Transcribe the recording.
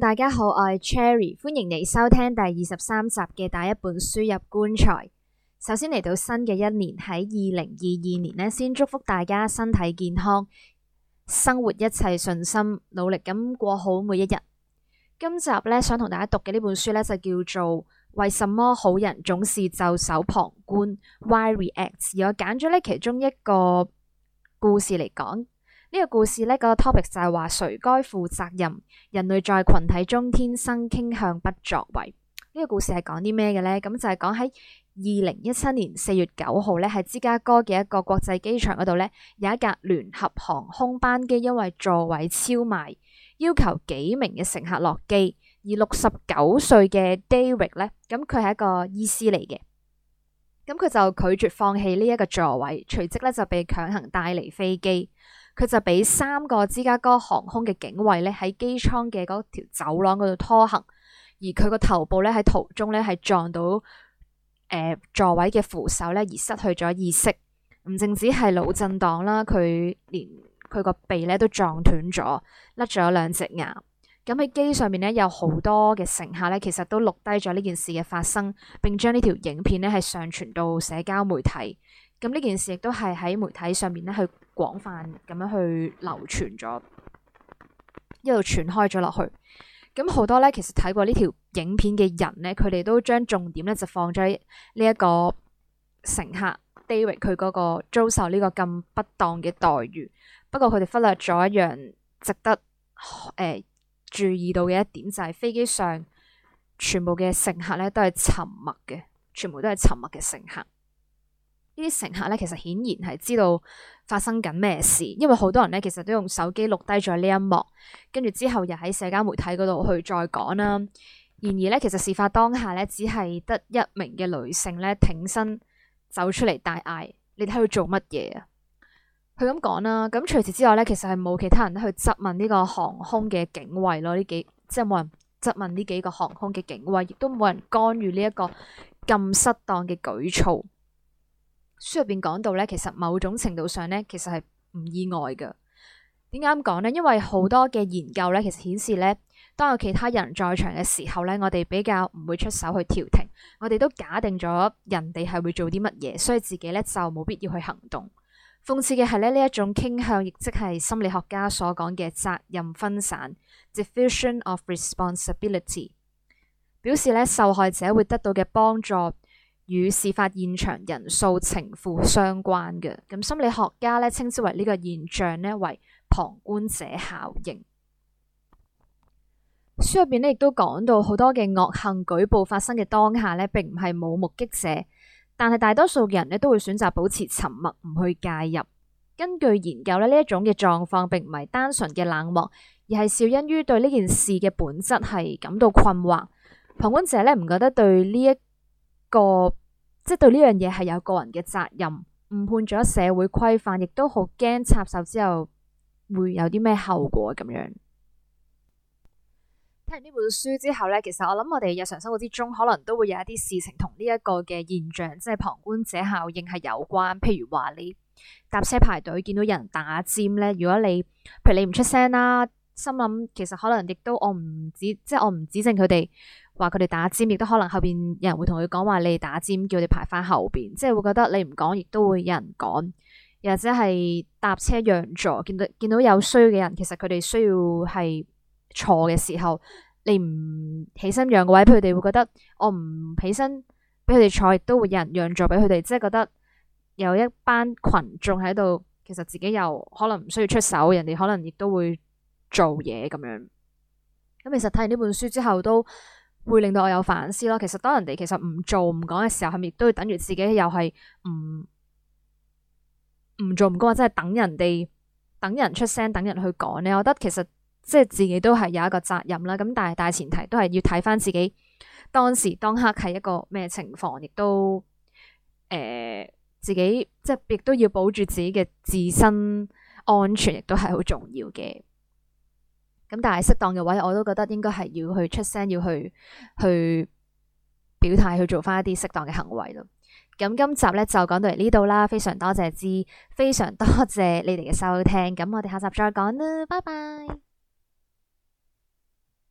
大家好，我係 Cherry，歡迎你收聽第二十三集嘅帶一本書入棺材。首先嚟到新嘅一年喺二零二二年呢，先祝福大家身體健康，生活一切順心，努力咁過好每一日。今集呢，想同大家讀嘅呢本書呢，就叫做《為什麼好人總是袖手旁觀》（Why We Act），而我揀咗呢其中一個故事嚟講。呢個故事呢、呢個 topic 就係話誰該負責任？人類在群體中天生傾向不作為。呢、呢個故事係講啲咩嘅呢？咁就係講喺二零一七年四月九號呢，喺芝加哥嘅一個國際機場嗰度呢，有一架聯合航空班機因為座位超賣，要求幾名嘅乘客落機，而六十九歲嘅 David 呢，咁佢係一個醫師嚟嘅，咁佢就拒絕放棄呢一個座位，隨即呢就被強行帶離飛機。佢就俾三個芝加哥航空嘅警衛咧喺機艙嘅嗰條走廊嗰度拖行，而佢個頭部咧喺途中咧係撞到誒、呃、座位嘅扶手咧而失去咗意識，唔淨止係腦震盪啦，佢連佢個鼻咧都撞斷咗，甩咗兩隻牙。咁喺機上面咧有好多嘅乘客咧，其實都錄低咗呢件事嘅發生，並將呢條影片咧係上傳到社交媒體。咁呢件事亦都係喺媒體上面咧，去廣泛咁樣去流傳咗，一路傳開咗落去。咁好多咧，其實睇過呢條影片嘅人咧，佢哋都將重點咧就放咗喺呢一個乘客 David 佢嗰個遭受呢個咁不當嘅待遇。不過佢哋忽略咗一樣值得誒、呃、注意到嘅一點，就係、是、飛機上全部嘅乘客咧都係沉默嘅，全部都係沉默嘅乘客。呢啲乘客咧，其實顯然係知道發生緊咩事，因為好多人咧，其實都用手機錄低咗呢一幕，跟住之後又喺社交媒體嗰度去再講啦。然而咧，其實事發當下咧，只係得一名嘅女性咧挺身走出嚟大嗌，你睇佢做乜嘢啊？佢咁講啦。咁除此之外咧，其實係冇其他人去質問呢個航空嘅警衛咯。呢幾即係冇人質問呢幾個航空嘅警衛，亦都冇人干預呢一個咁失當嘅舉措。書入邊講到咧，其實某種程度上咧，其實係唔意外嘅。點解咁講呢？因為好多嘅研究咧，其實顯示咧，當有其他人在場嘅時候咧，我哋比較唔會出手去調停，我哋都假定咗人哋係會做啲乜嘢，所以自己咧就冇必要去行動。諷刺嘅係咧，呢一種傾向，亦即係心理學家所講嘅責任分散 （diffusion of responsibility），表示咧受害者會得到嘅幫助，與事發現場人數呈負相關嘅。咁心理學家呢稱之為呢個現象呢為旁觀者效應。書入邊呢亦都講到好多嘅惡行舉報發生嘅當下呢並唔係冇目擊者，但係大多數嘅人呢都會選擇保持沉默，唔去介入。根據研究呢，一種嘅狀況並唔係單純嘅冷漠，而係肇因於對呢件事嘅本質係感到困惑。旁觀者呢唔覺得對呢一個即係對呢樣嘢係有個人嘅責任，誤判咗社會規範，亦都好驚插手之後會有啲咩後果咁樣。聽完呢本書之後咧，其實我諗我哋日常生活之中，可能都會有一啲事情同呢一個嘅現象，即係旁觀者效應係有關。譬如話你搭車排隊見到人打尖咧，如果你譬如你唔出聲啦，心諗其實可能亦都我唔指，即係我唔指證佢哋。話佢哋打尖，亦都可能後邊有人會同佢講話，你打尖叫你排翻後邊，即係會覺得你唔講，亦都會有人講，又或者係搭車讓座，見到見到有需要嘅人，其實佢哋需要係坐嘅時候，你唔起身讓個位，佢哋會覺得我唔起身俾佢哋坐，亦都會有人讓座俾佢哋，即係覺得有一班群眾喺度，其實自己又可能唔需要出手，人哋可能亦都會做嘢咁樣。咁其實睇完呢本書之後都。會令到我有反思咯。其實當人哋其實唔做唔講嘅時候，係咪亦都要等住自己又係唔唔做唔講啊？即係等人哋等人出聲，等人去講咧。我覺得其實即係自己都係有一個責任啦。咁但係大前提都係要睇翻自己當時當刻係一個咩情況，亦都誒、呃、自己即係亦都要保住自己嘅自身安全，亦都係好重要嘅。咁但係適當嘅位，我都覺得應該係要去出聲，要去去表態，去做翻一啲適當嘅行為咯。咁今集咧就講到嚟呢度啦，非常多謝之，非常多謝你哋嘅收聽。咁我哋下集再講啦，拜拜。